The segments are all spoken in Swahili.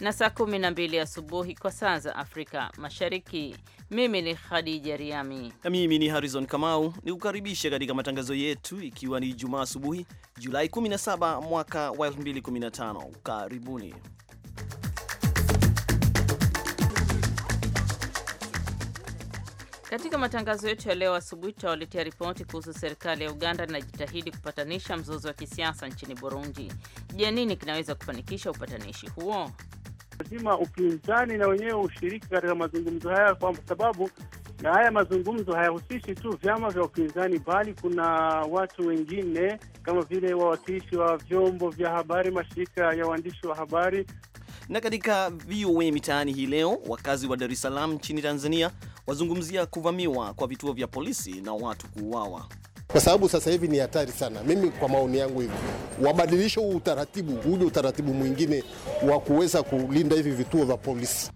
na saa 12 asubuhi kwa saa za Afrika Mashariki. Mimi ni Khadija Riami na mimi ni Harrison Kamau, ni kukaribisha katika matangazo yetu, ikiwa ni Jumaa asubuhi Julai 17 mwaka wa 2015. Karibuni. Katika matangazo yetu ya leo asubuhi tutawaletea ripoti kuhusu serikali ya Uganda inajitahidi kupatanisha mzozo wa kisiasa nchini Burundi. Je, nini kinaweza kufanikisha upatanishi huo? lazima upinzani na wenyewe ushiriki katika mazungumzo haya, kwa sababu na haya mazungumzo hayahusishi tu vyama vya upinzani, bali kuna watu wengine kama vile wawakilishi wa vyombo vya habari, mashirika ya waandishi wa habari. Na katika VOA Mitaani hii leo, wakazi wa Dar es Salaam nchini Tanzania wazungumzia kuvamiwa kwa vituo vya polisi na watu kuuawa kwa sababu sasa hivi ni hatari sana. Mimi kwa maoni yangu hivi wabadilishe huu utaratibu, uje utaratibu mwingine wa kuweza kulinda hivi vituo vya polisi.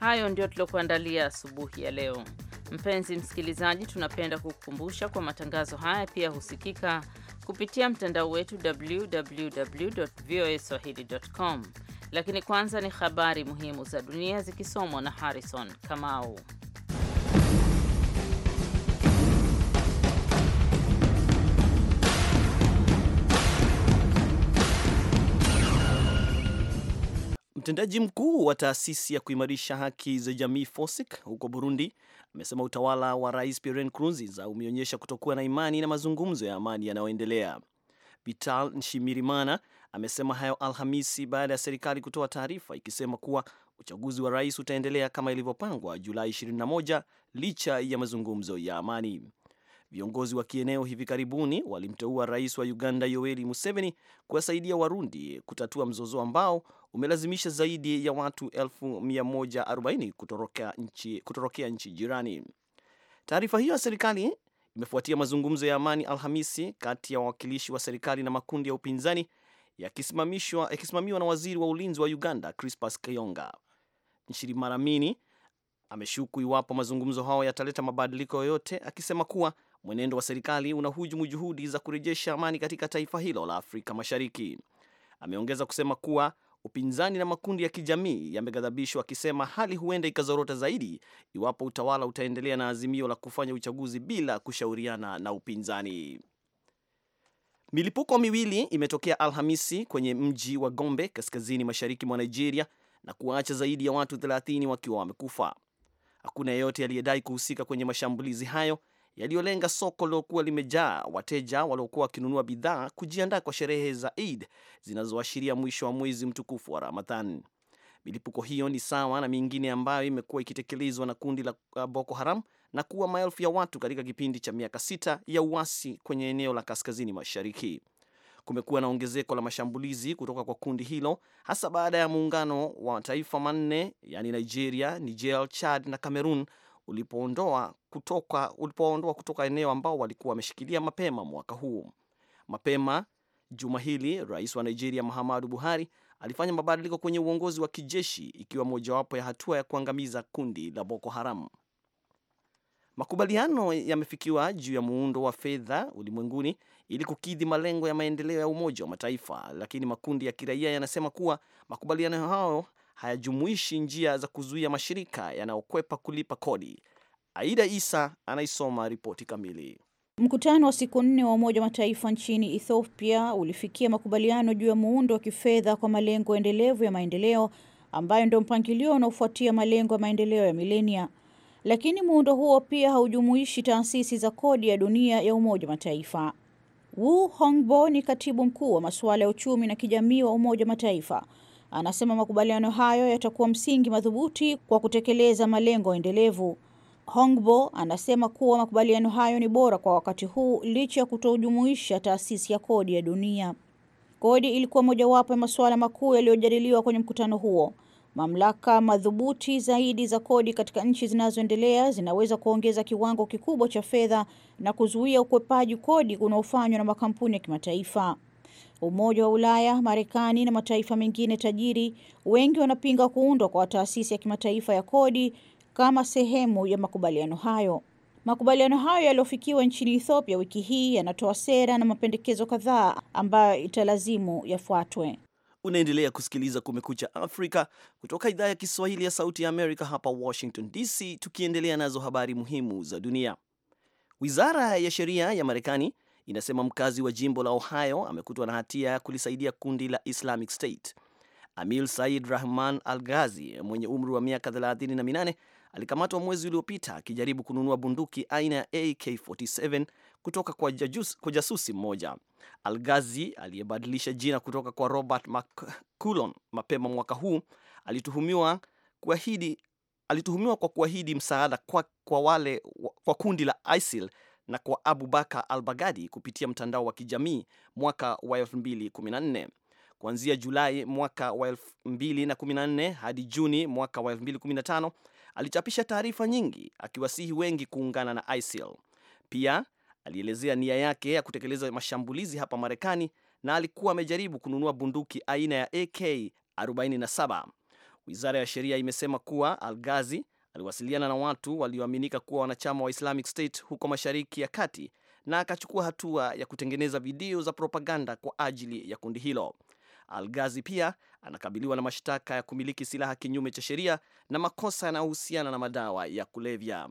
Hayo ndio tuliokuandalia asubuhi ya leo. Mpenzi msikilizaji, tunapenda kukukumbusha kwa matangazo haya pia husikika kupitia mtandao wetu www.voaswahili.com. Lakini kwanza ni habari muhimu za dunia zikisomwa na Harrison Kamau. Mtendaji mkuu wa taasisi ya kuimarisha haki za jamii FOSIC huko Burundi amesema utawala wa Rais Pierre Nkurunziza umeonyesha kutokuwa na imani na mazungumzo ya amani yanayoendelea. Vital Nshimirimana amesema hayo Alhamisi baada ya serikali kutoa taarifa ikisema kuwa uchaguzi wa rais utaendelea kama ilivyopangwa Julai 21 licha ya mazungumzo ya amani. Viongozi wa kieneo hivi karibuni walimteua rais wa Uganda Yoweri Museveni kuwasaidia Warundi kutatua mzozo ambao umelazimisha zaidi ya watu 140 kutorokea nchi, kutorokea nchi jirani. Taarifa hiyo ya serikali imefuatia mazungumzo ya amani Alhamisi kati ya wawakilishi wa serikali na makundi ya upinzani yakisimamiwa na waziri wa ulinzi wa Uganda Crispus Kayonga. Nshirimaramini ameshuku iwapo mazungumzo hayo yataleta mabadiliko yoyote, akisema kuwa mwenendo wa serikali unahujumu juhudi za kurejesha amani katika taifa hilo la Afrika Mashariki. Ameongeza kusema kuwa Upinzani na makundi ya kijamii yameghadhabishwa akisema hali huenda ikazorota zaidi iwapo utawala utaendelea na azimio la kufanya uchaguzi bila kushauriana na upinzani. Milipuko miwili imetokea Alhamisi kwenye mji wa Gombe kaskazini mashariki mwa Nigeria na kuwaacha zaidi ya watu 30 wakiwa wamekufa. Hakuna yeyote aliyedai kuhusika kwenye mashambulizi hayo yaliyolenga soko lilokuwa limejaa wateja waliokuwa wakinunua bidhaa kujiandaa kwa sherehe za Eid zinazoashiria mwisho wa mwezi mtukufu wa Ramadhan. Milipuko hiyo ni sawa na mingine ambayo imekuwa ikitekelezwa na kundi la uh, Boko Haram na kuwa maelfu ya watu katika kipindi cha miaka sita ya uasi kwenye eneo la kaskazini mashariki. Kumekuwa na ongezeko la mashambulizi kutoka kwa kundi hilo hasa baada ya muungano wa mataifa manne yaani Nigeria, Niger, Chad na Cameroon ulipoondoa kutoka, ulipoondoa kutoka eneo ambao walikuwa wameshikilia mapema mwaka huu. Mapema juma hili rais wa Nigeria Muhammadu Buhari alifanya mabadiliko kwenye uongozi wa kijeshi ikiwa mojawapo ya hatua ya kuangamiza kundi la Boko Haram. Makubaliano yamefikiwa juu ya muundo wa fedha ulimwenguni ili kukidhi malengo ya maendeleo ya Umoja wa Mataifa, lakini makundi ya kiraia yanasema kuwa makubaliano hayo hayajumuishi njia za kuzuia mashirika yanayokwepa kulipa kodi. Aida Isa anaisoma ripoti kamili. Mkutano wa siku nne wa Umoja wa Mataifa nchini Ethiopia ulifikia makubaliano juu ya muundo wa kifedha kwa malengo endelevu ya maendeleo ambayo ndio mpangilio unaofuatia malengo ya maendeleo ya milenia, lakini muundo huo pia haujumuishi taasisi za kodi ya dunia ya Umoja wa Mataifa. Wu Hongbo ni katibu mkuu wa masuala ya uchumi na kijamii wa Umoja wa Mataifa Anasema makubaliano hayo yatakuwa msingi madhubuti kwa kutekeleza malengo endelevu. Hongbo anasema kuwa makubaliano hayo ni bora kwa wakati huu licha ya kutojumuisha taasisi ya kodi ya dunia. Kodi ilikuwa mojawapo ya masuala makuu yaliyojadiliwa kwenye mkutano huo. Mamlaka madhubuti zaidi za kodi katika nchi zinazoendelea zinaweza kuongeza kiwango kikubwa cha fedha na kuzuia ukwepaji kodi unaofanywa na makampuni ya kimataifa. Umoja wa Ulaya, Marekani na mataifa mengine tajiri, wengi wanapinga kuundwa kwa taasisi ya kimataifa ya kodi kama sehemu ya makubaliano hayo. Makubaliano hayo yaliyofikiwa nchini Ethiopia wiki hii yanatoa sera na mapendekezo kadhaa ambayo italazimu yafuatwe. Unaendelea kusikiliza Kumekucha Afrika kutoka idhaa ya Kiswahili ya Sauti ya Amerika hapa Washington DC, tukiendelea nazo habari muhimu za dunia. Wizara ya sheria ya Marekani inasema mkazi wa jimbo la Ohio amekutwa na hatia ya kulisaidia kundi la Islamic State. Amil Said Rahman Al Ghazi mwenye umri wa miaka 38 alikamatwa mwezi uliopita akijaribu kununua bunduki aina ya AK47 kutoka kwa, jajus, kwa jasusi mmoja. Al Ghazi aliyebadilisha jina kutoka kwa Robert McCullon mapema mwaka huu alituhumiwa kuahidi alituhumiwa kwa kuahidi msaada kwa, kwa, wale, kwa kundi la ISIL na kwa Abu al Baghdadi kupitia mtandao wa kijamii mwaka wa 2014. Kuanzia Julai mwaka wa 2014 hadi Juni mwaka wa 2015 alichapisha taarifa nyingi akiwasihi wengi kuungana na ISIL. Pia alielezea nia yake ya kutekeleza mashambulizi hapa Marekani na alikuwa amejaribu kununua bunduki aina ya AK 47. Wizara ya sheria imesema kuwa Algazi aliwasiliana na watu walioaminika kuwa wanachama wa Islamic State huko Mashariki ya Kati na akachukua hatua ya kutengeneza video za propaganda kwa ajili ya kundi hilo. Algazi pia anakabiliwa na mashtaka ya kumiliki silaha kinyume cha sheria na makosa yanayohusiana na madawa ya kulevya.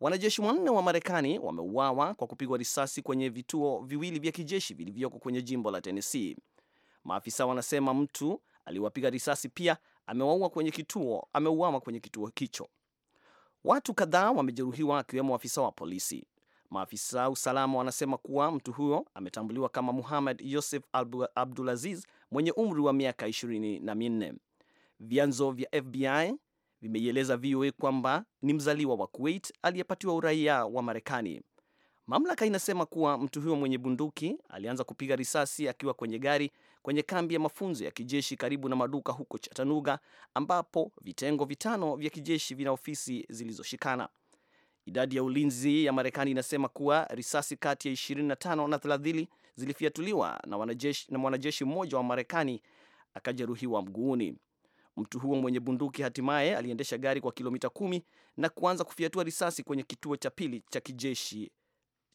Wanajeshi wanne wa Marekani wameuawa kwa kupigwa risasi kwenye vituo viwili vya kijeshi vilivyoko kwenye jimbo la Tennessee. Maafisa wanasema mtu aliwapiga risasi pia ameuawa kwenye kituo, ameuawa kwenye kituo hicho. Watu kadhaa wamejeruhiwa akiwemo afisa wa polisi. Maafisa usalama wanasema kuwa mtu huyo ametambuliwa kama Muhammad Yosef Abdulaziz mwenye umri wa miaka ishirini na minne. Vyanzo vya FBI vimeieleza VOA kwamba ni mzaliwa wa Kuwait aliyepatiwa uraia wa Marekani. Mamlaka inasema kuwa mtu huyo mwenye bunduki alianza kupiga risasi akiwa kwenye gari kwenye kambi ya mafunzo ya kijeshi karibu na maduka huko Chattanooga, ambapo vitengo vitano vya kijeshi vina ofisi zilizoshikana. Idadi ya ulinzi ya Marekani inasema kuwa risasi kati ya 25 na 30 zilifiatuliwa na wanajeshi, na mwanajeshi mmoja wa Marekani akajeruhiwa mguuni. Mtu huo mwenye bunduki hatimaye aliendesha gari kwa kilomita kumi na kuanza kufiatua risasi kwenye kituo cha pili cha kijeshi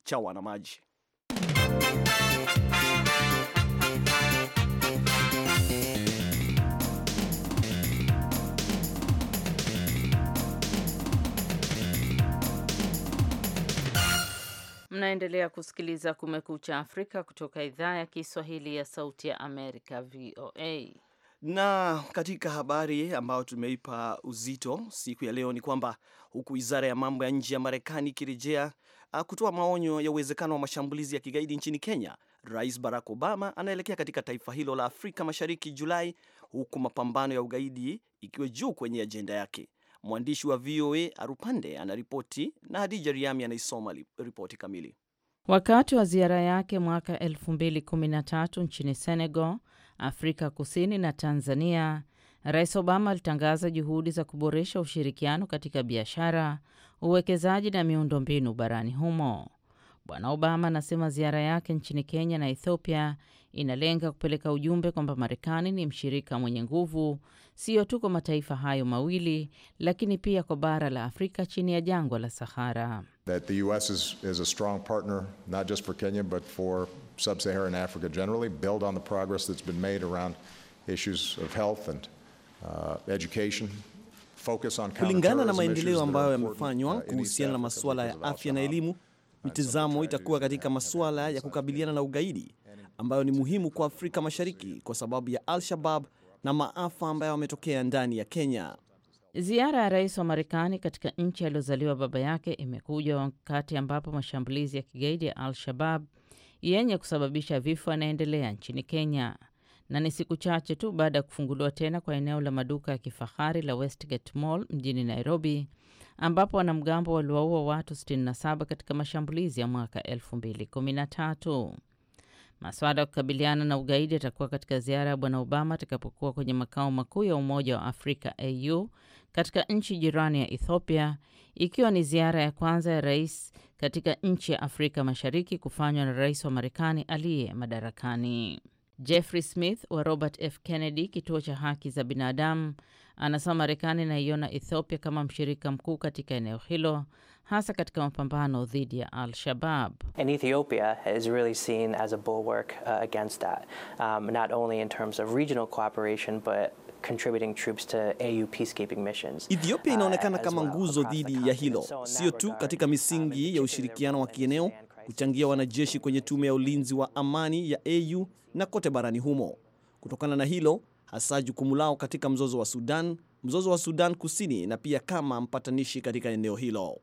cha wanamaji. Mnaendelea kusikiliza Kumekucha Afrika kutoka idhaa ya Kiswahili ya Sauti ya Amerika, VOA. Na katika habari ambayo tumeipa uzito siku ya leo ni kwamba huku wizara ya mambo ya nje ya Marekani ikirejea Uh, kutoa maonyo ya uwezekano wa mashambulizi ya kigaidi nchini Kenya, Rais Barack Obama anaelekea katika taifa hilo la Afrika Mashariki Julai, huku mapambano ya ugaidi ikiwa juu kwenye ajenda yake. Mwandishi wa VOA Arupande anaripoti na Hadija Riami anaisoma ripoti kamili. Wakati wa ziara yake mwaka 2013 nchini Senegal, Afrika Kusini na Tanzania, Rais Obama alitangaza juhudi za kuboresha ushirikiano katika biashara uwekezaji na miundombinu barani humo. Bwana Obama anasema ziara yake nchini Kenya na Ethiopia inalenga kupeleka ujumbe kwamba Marekani ni mshirika mwenye nguvu, siyo tu kwa mataifa hayo mawili, lakini pia kwa bara la Afrika chini ya jangwa la Sahara. Kulingana na maendeleo ambayo uh, yamefanywa uh, kuhusiana na masuala ya afya na elimu, mitizamo itakuwa katika masuala ya kukabiliana na ugaidi ambayo ni muhimu kwa Afrika Mashariki kwa sababu ya Al-Shabab na maafa ambayo ametokea ndani ya Kenya. Ziara ya rais wa Marekani katika nchi aliyozaliwa baba yake imekuja wakati ambapo mashambulizi ya kigaidi ya Al-Shabab yenye kusababisha vifo yanaendelea nchini Kenya na ni siku chache tu baada ya kufunguliwa tena kwa eneo la maduka ya kifahari la Westgate Mall mjini Nairobi, ambapo wanamgambo waliwaua watu 67 katika mashambulizi ya mwaka 2013. Maswala ya kukabiliana na ugaidi yatakuwa katika ziara ya Bwana Obama atakapokuwa kwenye makao makuu ya Umoja wa Afrika AU katika nchi jirani ya Ethiopia, ikiwa ni ziara ya kwanza ya rais katika nchi ya Afrika Mashariki kufanywa na rais wa Marekani aliye madarakani. Jeffrey Smith wa Robert F Kennedy, kituo cha haki za binadamu, anasema Marekani inaiona Ethiopia kama mshirika mkuu katika eneo hilo, hasa katika mapambano dhidi ya Al-Shabab. Ethiopia is really seen as a bulwark uh, against that, um, not only in terms of regional cooperation but contributing troops to AU peacekeeping missions. Uh, Ethiopia inaonekana kama nguzo dhidi ya hilo, sio tu katika misingi ya ushirikiano wa kieneo kuchangia wanajeshi kwenye tume ya ulinzi wa amani ya AU na kote barani humo. Kutokana na hilo, hasa jukumu lao katika mzozo wa Sudan, mzozo wa Sudan Kusini na pia kama mpatanishi katika eneo hilo.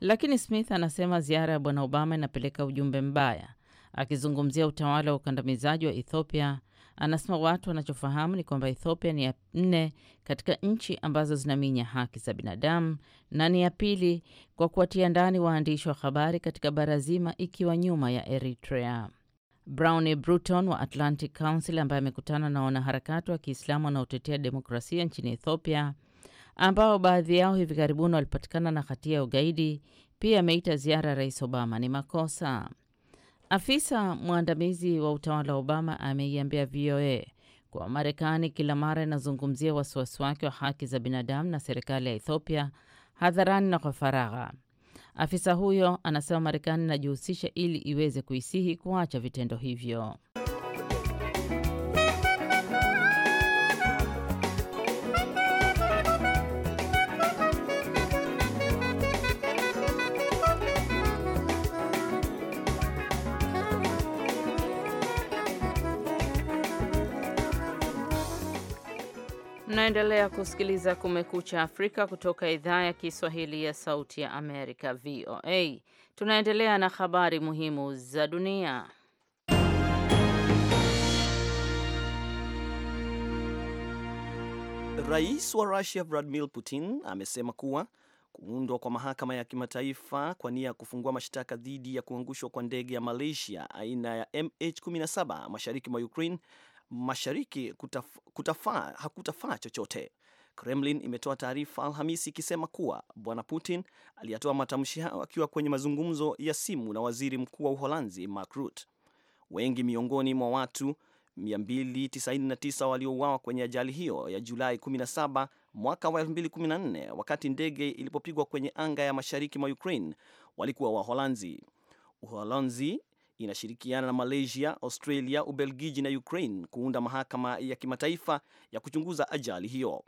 Lakini Smith anasema ziara ya Bwana Obama inapeleka ujumbe mbaya, akizungumzia utawala wa ukandamizaji wa Ethiopia Anasema watu wanachofahamu ni kwamba Ethiopia ni ya nne katika nchi ambazo zinaminya haki za binadamu na ni ya pili kwa kuwatia ndani waandishi wa habari katika bara zima, ikiwa nyuma ya Eritrea. Browne Bruton wa Atlantic Council ambaye amekutana na wanaharakati wa Kiislamu wanaotetea demokrasia nchini Ethiopia ambao baadhi yao hivi karibuni walipatikana na hatia ya ugaidi, pia ameita ziara ya Rais Obama ni makosa. Afisa mwandamizi wa utawala wa Obama ameiambia VOA kwa Marekani kila mara inazungumzia wasiwasi wake wa haki za binadamu na serikali ya Ethiopia hadharani na kwa faragha. Afisa huyo anasema Marekani inajihusisha ili iweze kuisihi kuacha vitendo hivyo. Mnaendelea kusikiliza Kumekucha Afrika kutoka idhaa ya Kiswahili ya Sauti ya Amerika, VOA. Tunaendelea na habari muhimu za dunia. Rais wa Russia Vladimir Putin amesema kuwa kuundwa kwa mahakama ya kimataifa kwa nia ya kufungua mashtaka dhidi ya kuangushwa kwa ndege ya Malaysia aina ya MH17 mashariki mwa Ukraine mashariki kutaf, kutafaa, hakutafaa chochote. Kremlin imetoa taarifa Alhamisi ikisema kuwa bwana Putin aliyatoa matamshi hayo akiwa kwenye mazungumzo ya simu na waziri mkuu wa Uholanzi Mark Rutte. Wengi miongoni mwa watu 299 waliouawa kwenye ajali hiyo ya Julai 17 mwaka wa 2014 wakati ndege ilipopigwa kwenye anga ya mashariki mwa Ukraine walikuwa Waholanzi. Uholanzi inashirikiana na Malaysia, Australia, Ubelgiji na Ukraine kuunda mahakama ya kimataifa ya kuchunguza ajali hiyo.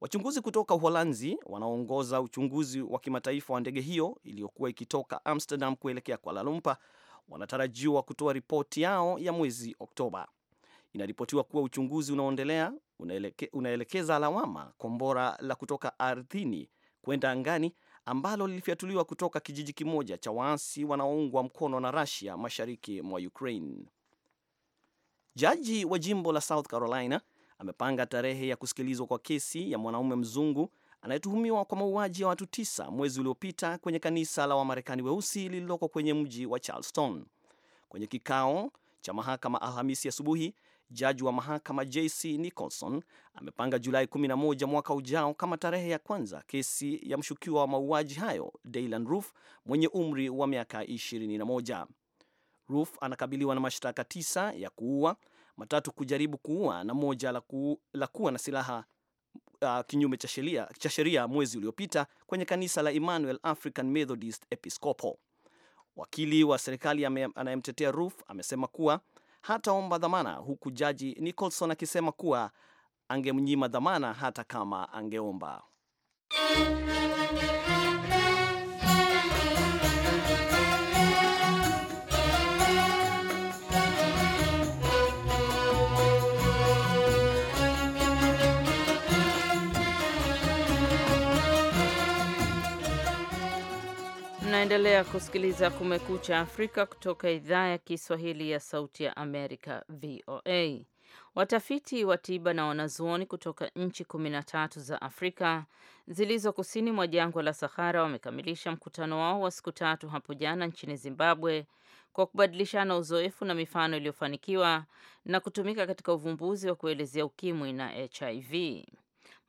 Wachunguzi kutoka Uholanzi wanaoongoza uchunguzi wa kimataifa wa ndege hiyo iliyokuwa ikitoka Amsterdam kuelekea Kuala Lumpur wanatarajiwa kutoa ripoti yao ya mwezi Oktoba. Inaripotiwa kuwa uchunguzi unaoendelea unaelekeza lawama kombora la kutoka ardhini kwenda angani ambalo lilifyatuliwa kutoka kijiji kimoja cha waasi wanaoungwa mkono na Russia mashariki mwa Ukraine. Jaji wa jimbo la South Carolina amepanga tarehe ya kusikilizwa kwa kesi ya mwanaume mzungu anayetuhumiwa kwa mauaji ya watu tisa mwezi uliopita kwenye kanisa la Wamarekani weusi lililoko kwenye mji wa Charleston. Kwenye kikao cha mahakama Alhamisi asubuhi, Jaji wa mahakama JC Nicholson amepanga Julai 11 mwaka ujao kama tarehe ya kwanza kesi ya mshukiwa wa mauaji hayo daylan Roof mwenye umri wa miaka 21. Roof anakabiliwa na mashtaka tisa ya kuua, matatu kujaribu kuua na moja la, ku, la kuwa na silaha uh, kinyume cha sheria mwezi uliopita kwenye kanisa la Emmanuel African Methodist Episcopal. Wakili wa serikali anayemtetea Roof amesema kuwa hataomba dhamana, huku jaji Nicholson akisema kuwa angemnyima dhamana hata kama angeomba. Unaendelea kusikiliza Kumekucha Afrika kutoka idhaa ya Kiswahili ya Sauti ya Amerika, VOA. Watafiti wa tiba na wanazuoni kutoka nchi kumi na tatu za Afrika zilizo kusini mwa jangwa la Sahara wamekamilisha mkutano wao wa siku tatu hapo jana nchini Zimbabwe kwa kubadilishana uzoefu na mifano iliyofanikiwa na kutumika katika uvumbuzi wa kuelezea ukimwi na HIV.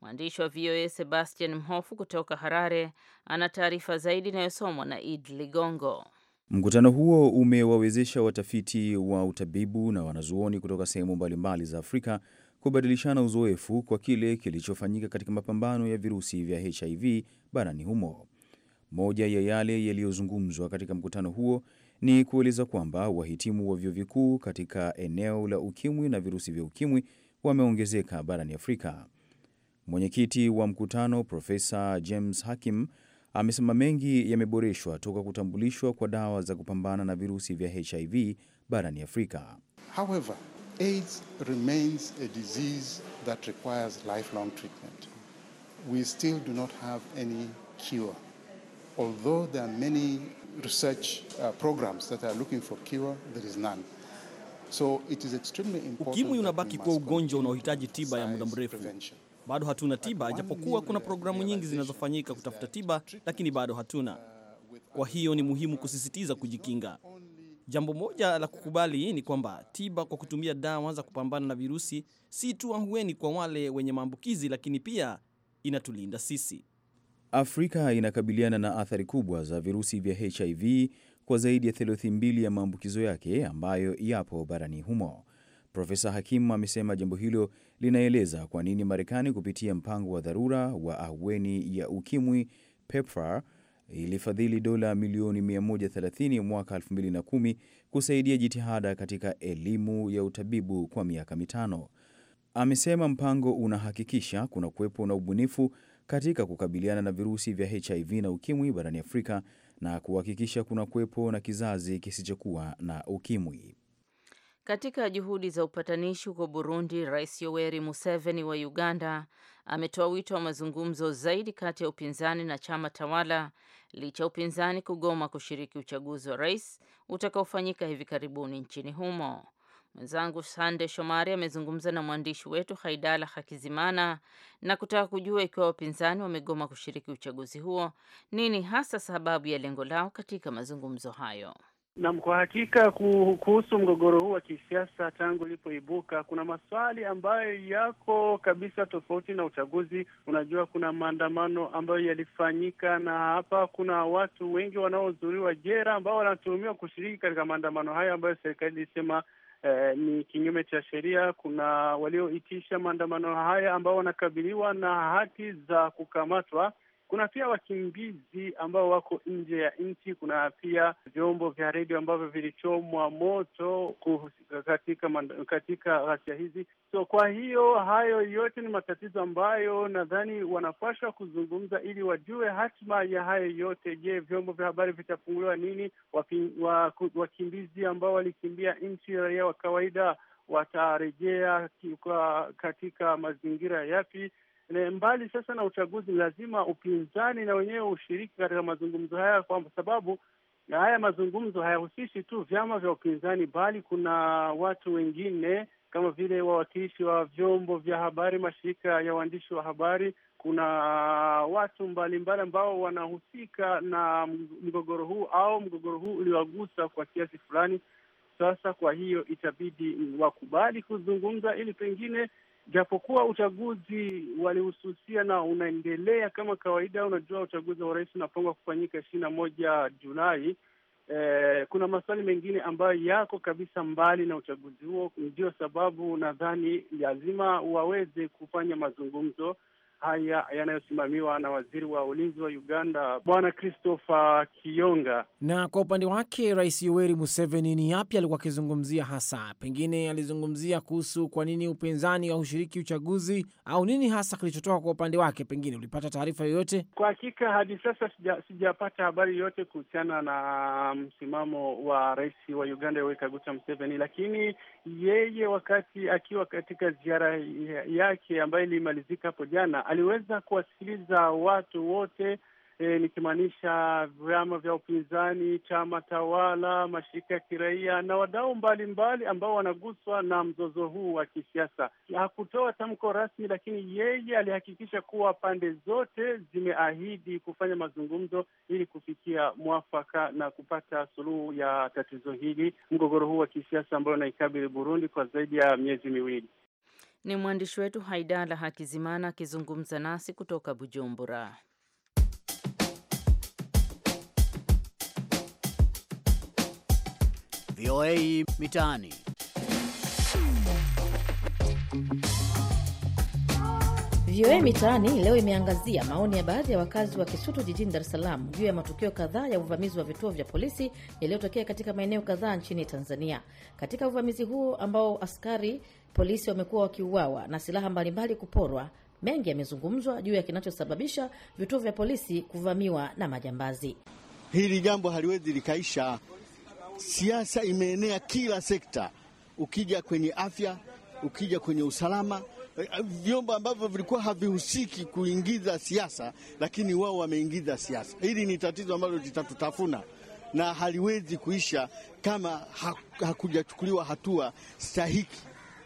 Mwandishi wa VOA Sebastian Mhofu kutoka Harare ana taarifa zaidi inayosomwa na Id Ligongo. Mkutano huo umewawezesha watafiti wa utabibu na wanazuoni kutoka sehemu mbalimbali za Afrika kubadilishana uzoefu kwa kile kilichofanyika katika mapambano ya virusi vya HIV barani humo. Moja ya yale yaliyozungumzwa katika mkutano huo ni kueleza kwamba wahitimu wa vyuo vikuu katika eneo la ukimwi na virusi vya ukimwi wameongezeka barani Afrika. Mwenyekiti wa mkutano Profesa James Hakim amesema mengi yameboreshwa toka kutambulishwa kwa dawa za kupambana na virusi vya HIV barani Afrika. However, AIDS remains a disease that requires lifelong treatment. We still do not have any cure. Although there are many research uh, programs that are looking for cure, there is none. So it is extremely important. Ukimwi unabaki kuwa ugonjwa unaohitaji tiba ya muda mrefu. Bado hatuna tiba, japokuwa kuna programu nyingi zinazofanyika kutafuta tiba, lakini bado hatuna. Kwa hiyo ni muhimu kusisitiza kujikinga. Jambo moja la kukubali ni kwamba tiba kwa kutumia dawa za kupambana na virusi si tu ahueni kwa wale wenye maambukizi, lakini pia inatulinda sisi. Afrika inakabiliana na athari kubwa za virusi vya HIV kwa zaidi ya theluthi mbili ya maambukizo yake ambayo yapo barani humo. Profesa Hakim amesema jambo hilo linaeleza kwa nini Marekani kupitia mpango wa dharura wa ahueni ya ukimwi PEPFAR ilifadhili dola milioni 130 mwaka 2010 kusaidia jitihada katika elimu ya utabibu kwa miaka mitano. Amesema mpango unahakikisha kuna kuwepo na ubunifu katika kukabiliana na virusi vya HIV na ukimwi barani Afrika na kuhakikisha kuna kuwepo na kizazi kisichokuwa na ukimwi. Katika juhudi za upatanishi huko Burundi, Rais Yoweri Museveni wa Uganda ametoa wito wa mazungumzo zaidi kati ya upinzani na chama tawala licha upinzani kugoma kushiriki uchaguzi wa rais utakaofanyika hivi karibuni nchini humo. Mwenzangu Sande Shomari amezungumza na mwandishi wetu Haidala Hakizimana na kutaka kujua ikiwa wapinzani wamegoma kushiriki uchaguzi huo, nini hasa sababu ya lengo lao katika mazungumzo hayo. Naam, kwa hakika kuhusu mgogoro huu wa kisiasa tangu ulipoibuka, kuna maswali ambayo yako kabisa tofauti na uchaguzi. Unajua, kuna maandamano ambayo yalifanyika, na hapa kuna watu wengi wanaozuriwa jera ambao wanatuhumiwa kushiriki katika maandamano hayo ambayo serikali ilisema Eh, ni kinyume cha sheria. Kuna walioitisha maandamano haya ambao wanakabiliwa na hati za kukamatwa kuna pia wakimbizi ambao wako nje ya nchi. Kuna pia vyombo vya redio ambavyo vilichomwa moto katika katika ghasia hizi. So kwa hiyo hayo yote ni matatizo ambayo nadhani wanapashwa kuzungumza ili wajue hatima ya hayo yote. Je, vyombo vya habari vitafunguliwa nini Wakimbizi ambao walikimbia nchi, raia wa kawaida watarejea katika mazingira yapi? E, mbali sasa na uchaguzi, lazima upinzani na wenyewe ushiriki katika mazungumzo haya, kwa sababu na haya mazungumzo hayahusishi tu vyama vya upinzani, bali kuna watu wengine kama vile wawakilishi wa vyombo vya habari, mashirika ya waandishi wa habari. Kuna watu mbalimbali ambao wanahusika na mgogoro huu au mgogoro huu uliwagusa kwa kiasi fulani. Sasa kwa hiyo itabidi wakubali kuzungumza ili pengine japokuwa uchaguzi walihususia na unaendelea kama kawaida. Unajua, uchaguzi wa rais unapangwa kufanyika ishirini na moja Julai. Eh, kuna maswali mengine ambayo yako kabisa mbali na uchaguzi huo, ndio sababu nadhani lazima waweze kufanya mazungumzo haya yanayosimamiwa na waziri wa ulinzi wa Uganda Bwana Christopher kionga Na kwa upande wake Rais Yoweri Museveni, ni yapi alikuwa akizungumzia hasa? Pengine alizungumzia kuhusu kwa nini upinzani haushiriki uchaguzi au nini hasa kilichotoka kwa upande wake? Pengine ulipata taarifa yoyote? Kwa hakika hadi sasa sijapata sija habari yoyote kuhusiana na mm, msimamo wa rais wa Uganda Yoweri Kaguta Museveni, lakini yeye wakati akiwa katika ziara yake ambayo ilimalizika hapo jana, aliweza kuwasikiliza watu wote e, nikimaanisha vyama vya upinzani, chama tawala, mashirika ya kiraia na wadau mbalimbali ambao wanaguswa na mzozo huu wa kisiasa. Hakutoa tamko rasmi, lakini yeye alihakikisha kuwa pande zote zimeahidi kufanya mazungumzo ili kufikia mwafaka na kupata suluhu ya tatizo hili, mgogoro huu wa kisiasa ambao unaikabili Burundi kwa zaidi ya miezi miwili. Ni mwandishi wetu Haidala Hakizimana akizungumza nasi kutoka Bujumbura. VOA Mitaani. VOA Mitaani leo imeangazia maoni ya baadhi ya wakazi wa Kisutu jijini Dar es Salaam juu ya matukio kadhaa ya uvamizi wa vituo vya polisi yaliyotokea katika maeneo kadhaa nchini Tanzania. Katika uvamizi huo ambao askari polisi wamekuwa wakiuawa na silaha mbalimbali kuporwa, mengi yamezungumzwa juu ya kinachosababisha vituo vya polisi kuvamiwa na majambazi. Hili jambo haliwezi likaisha siasa imeenea kila sekta, ukija kwenye afya, ukija kwenye usalama, eh, vyombo ambavyo vilikuwa havihusiki kuingiza siasa, lakini wao wameingiza siasa. Hili ni tatizo ambalo litatutafuna na haliwezi kuisha kama hakujachukuliwa hatua stahiki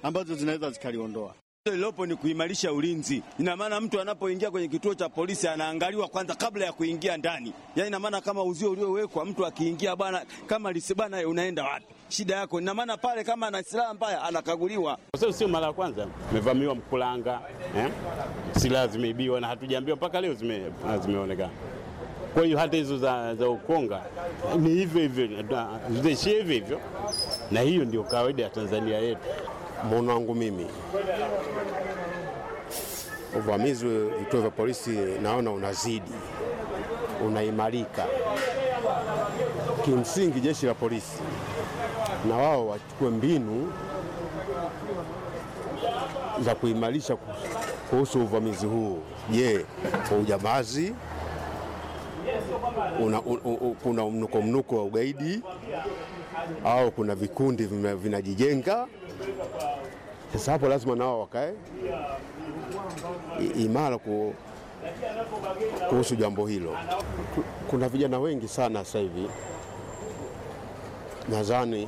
ambazo zinaweza zikaliondoa. Lilopo ni kuimarisha ulinzi. Ina maana mtu anapoingia kwenye kituo cha polisi anaangaliwa kwanza kabla ya kuingia ndani, yaani ina maana kama uzio uliowekwa, mtu akiingia bana, kama lisibana, unaenda wapi? Shida yako. Ina maana pale kama ana silaha mbaya anakaguliwa, kwa sababu sio mara ya kwanza amevamiwa Mkulanga eh? Silaha zimeibiwa na hatujaambiwa mpaka leo ah, zimeonekana kwa hiyo hata hizo za, za Ukonga ni hivyo hivyo, zitaishia hivyo hivyo, na hiyo ndio kawaida ya Tanzania yetu maoni wangu mimi, uvamizi vituo vya polisi naona unazidi, unaimarika. Kimsingi jeshi la polisi na wao wachukue mbinu za kuimarisha kuhusu uvamizi huu. Je, kwa ujambazi una, un, un, kuna mnuko mnuko wa ugaidi au kuna vikundi vinajijenga vina sasa hapo lazima nao wakae imara ku, kuhusu jambo hilo. Kuna vijana wengi sana sasa hivi nadhani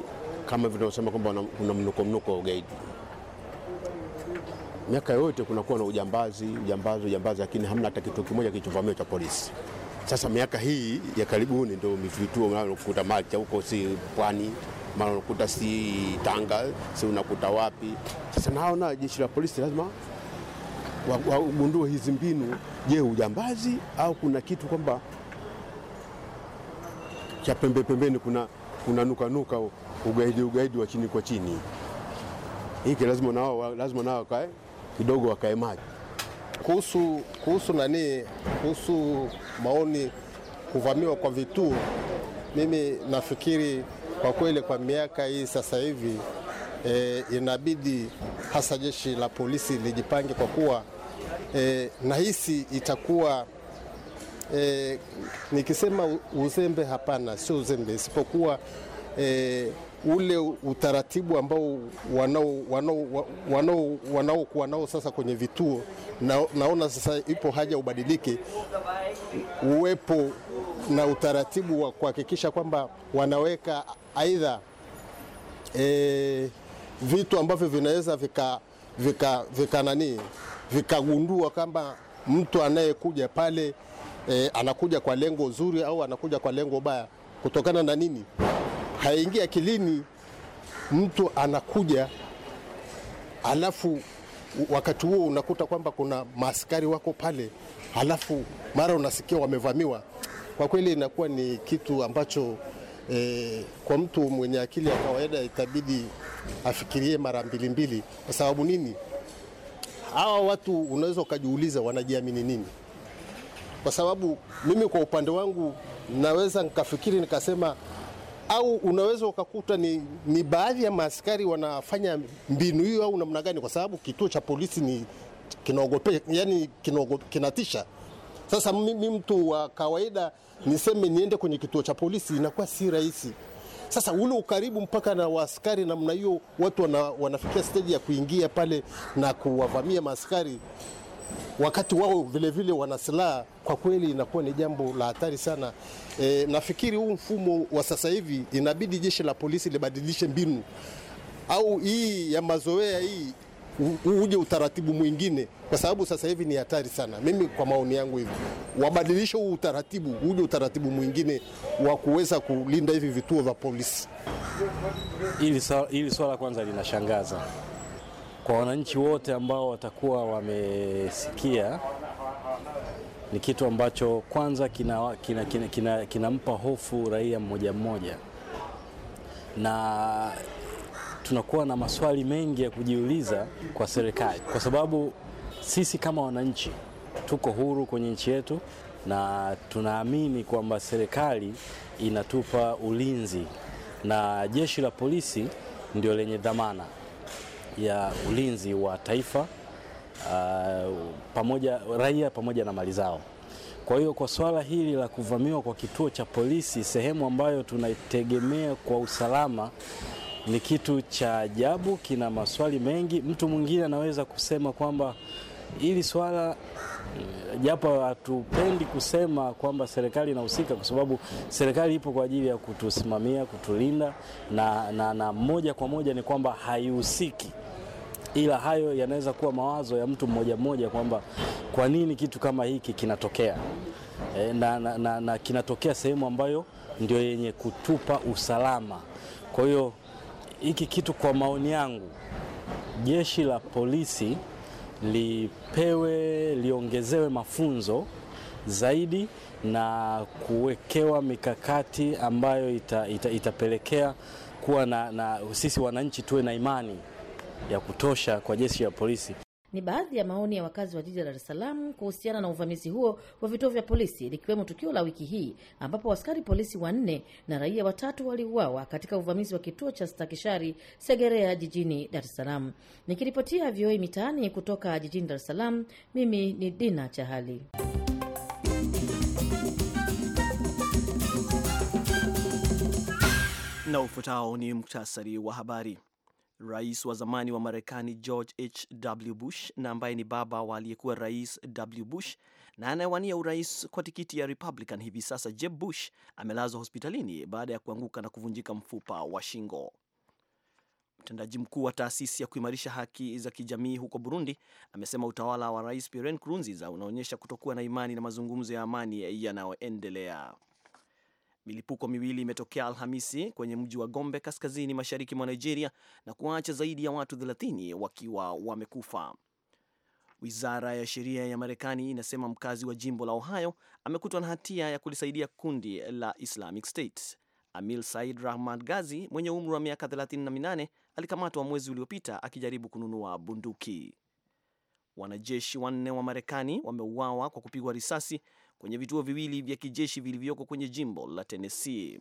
kama vinavyosema kwamba kuna mnuko mnuko wa ugaidi. Miaka yote kunakuwa na ujambazi ujambazi ujambazi, lakini hamna hata kitu kimoja kilichovamiwa cha polisi. Sasa miaka hii ya karibuni ndio vituo mnavyokuta macha huko, si pwani mara unakuta si Tanga, si unakuta wapi. Sasa naona jeshi la polisi lazima wagundue hizi mbinu. Je, ujambazi au kuna kitu kwamba cha pembe pembeni, kuna kuna nuka nuka, ugaidi ugaidi wa chini kwa chini, hiki lazima nao lazima nao kae kidogo, wakae maji kuhusu kuhusu nani, kuhusu maoni kuvamiwa kwa vituo, mimi nafikiri kwa kweli kwa miaka hii sasa hivi e, inabidi hasa jeshi la polisi lijipange kwa kuwa e, nahisi itakuwa e, nikisema uzembe, hapana, sio uzembe, isipokuwa e, ule utaratibu ambao wanaokuwa nao sasa kwenye vituo na, naona sasa ipo haja ubadilike, uwepo na utaratibu wa kuhakikisha kwamba wanaweka aidha e, vitu ambavyo vinaweza vika, vika, vika nani vikagundua kwamba mtu anayekuja pale e, anakuja kwa lengo zuri au anakuja kwa lengo baya. Kutokana na nini, haingia kilini mtu anakuja alafu wakati huo unakuta kwamba kuna maaskari wako pale, halafu mara unasikia wamevamiwa. Kwa kweli inakuwa ni kitu ambacho e, kwa mtu mwenye akili ya kawaida itabidi afikirie mara mbili mbili. Kwa sababu nini? Hawa watu unaweza ukajiuliza wanajiamini nini? Kwa sababu mimi kwa upande wangu naweza nikafikiri nikasema, au unaweza ukakuta ni, ni baadhi ya maaskari wanafanya mbinu hiyo au namna gani, kwa sababu kituo cha polisi ni kinaogope, yani kinatisha. Sasa mimi mtu wa kawaida niseme niende kwenye kituo cha polisi inakuwa si rahisi. Sasa ule ukaribu mpaka na waaskari namna hiyo, watu wana, wanafikia steji ya kuingia pale na kuwavamia maaskari wakati wao vilevile wana silaha, kwa kweli inakuwa ni jambo la hatari sana. E, nafikiri huu mfumo wa sasa hivi inabidi jeshi la polisi libadilishe mbinu, au hii ya mazoea hii uje utaratibu mwingine, kwa sababu sasa hivi ni hatari sana. Mimi kwa maoni yangu hivi, wabadilishe huu utaratibu, uje utaratibu mwingine wa kuweza kulinda hivi vituo vya polisi. Hili swala, swala kwanza linashangaza kwa wananchi wote ambao watakuwa wamesikia ni kitu ambacho kwanza kinampa kina, kina, kina, kina hofu raia mmoja mmoja na tunakuwa na maswali mengi ya kujiuliza kwa serikali, kwa sababu sisi kama wananchi tuko huru kwenye nchi yetu na tunaamini kwamba serikali inatupa ulinzi na jeshi la polisi ndio lenye dhamana ya ulinzi wa taifa uh, pamoja raia pamoja na mali zao. Kwa hiyo kwa swala hili la kuvamiwa kwa kituo cha polisi, sehemu ambayo tunaitegemea kwa usalama ni kitu cha ajabu, kina maswali mengi. Mtu mwingine anaweza kusema kwamba hili swala japo hatupendi kusema kwamba serikali inahusika, kwa sababu serikali ipo kwa ajili ya kutusimamia, kutulinda na, na, na moja kwa moja ni kwamba haihusiki, ila hayo yanaweza kuwa mawazo ya mtu mmoja mmoja kwamba kwa nini kitu kama hiki kinatokea e, na, na, na, na kinatokea sehemu ambayo ndio yenye kutupa usalama, kwa hiyo hiki kitu kwa maoni yangu, jeshi la polisi lipewe liongezewe mafunzo zaidi na kuwekewa mikakati ambayo ita, ita, itapelekea kuwa na, na sisi wananchi tuwe na imani ya kutosha kwa jeshi la polisi. Ni baadhi ya maoni ya wakazi wa jiji la Dar es Salaam kuhusiana na uvamizi huo wa vituo vya polisi, likiwemo tukio la wiki hii ambapo askari polisi wanne na raia watatu waliuawa katika uvamizi wa kituo cha Stakishari Segerea jijini Dar es Salaam. Nikiripotia vioi Mitaani kutoka jijini Dar es Salaam, mimi ni Dina Chahali. Na ufuatao ni muktasari wa habari. Rais wa zamani wa Marekani George H.W. Bush na ambaye ni baba wa aliyekuwa rais W. Bush na anayewania urais kwa tikiti ya Republican hivi sasa, Jeb Bush amelazwa hospitalini baada ya kuanguka na kuvunjika mfupa wa shingo. Mtendaji mkuu wa taasisi ya kuimarisha haki za kijamii huko Burundi amesema utawala wa rais Pierre Nkurunziza unaonyesha kutokuwa na imani na mazungumzo ya amani yanayoendelea. Milipuko miwili imetokea Alhamisi kwenye mji wa Gombe kaskazini mashariki mwa Nigeria na kuacha zaidi ya watu 30 wakiwa wamekufa. Wizara ya sheria ya Marekani inasema mkazi wa jimbo la Ohio amekutwa na hatia ya kulisaidia kundi la Islamic State. Amil Said Rahman gazi mwenye umri wa miaka 38 alikamatwa mwezi uliopita akijaribu kununua bunduki. Wanajeshi wanne wa Marekani wameuawa kwa kupigwa risasi kwenye vituo viwili vya kijeshi vilivyoko kwenye jimbo la Tennessee.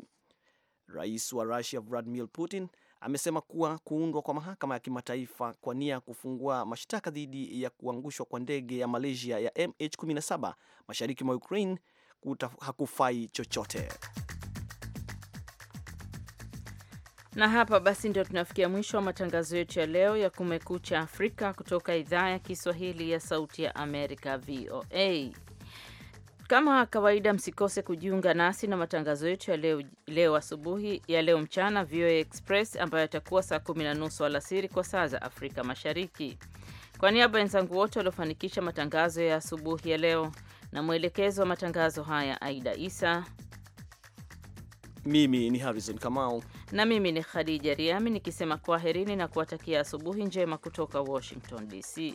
Rais wa Russia Vladimir Putin amesema kuwa kuundwa kwa mahakama ya kimataifa kwa nia ya kufungua mashtaka dhidi ya kuangushwa kwa ndege ya Malaysia ya MH17 mashariki mwa Ukraine hakufai chochote. Na hapa basi ndio tunafikia mwisho wa matangazo yetu ya leo ya Kumekucha Afrika kutoka idhaa ya Kiswahili ya Sauti ya Amerika, VOA. Kama kawaida, msikose kujiunga nasi na matangazo yetu ya leo, leo asubuhi ya leo mchana VOA Express ambayo yatakuwa saa kumi na nusu alasiri kwa saa za Afrika Mashariki. Kwa niaba ya wenzangu wote waliofanikisha matangazo ya asubuhi ya leo na mwelekezo wa matangazo haya Aida Isa, mimi ni Harrison Kamau na mimi ni Khadija Riami nikisema kwaherini na kuwatakia asubuhi njema kutoka Washington DC.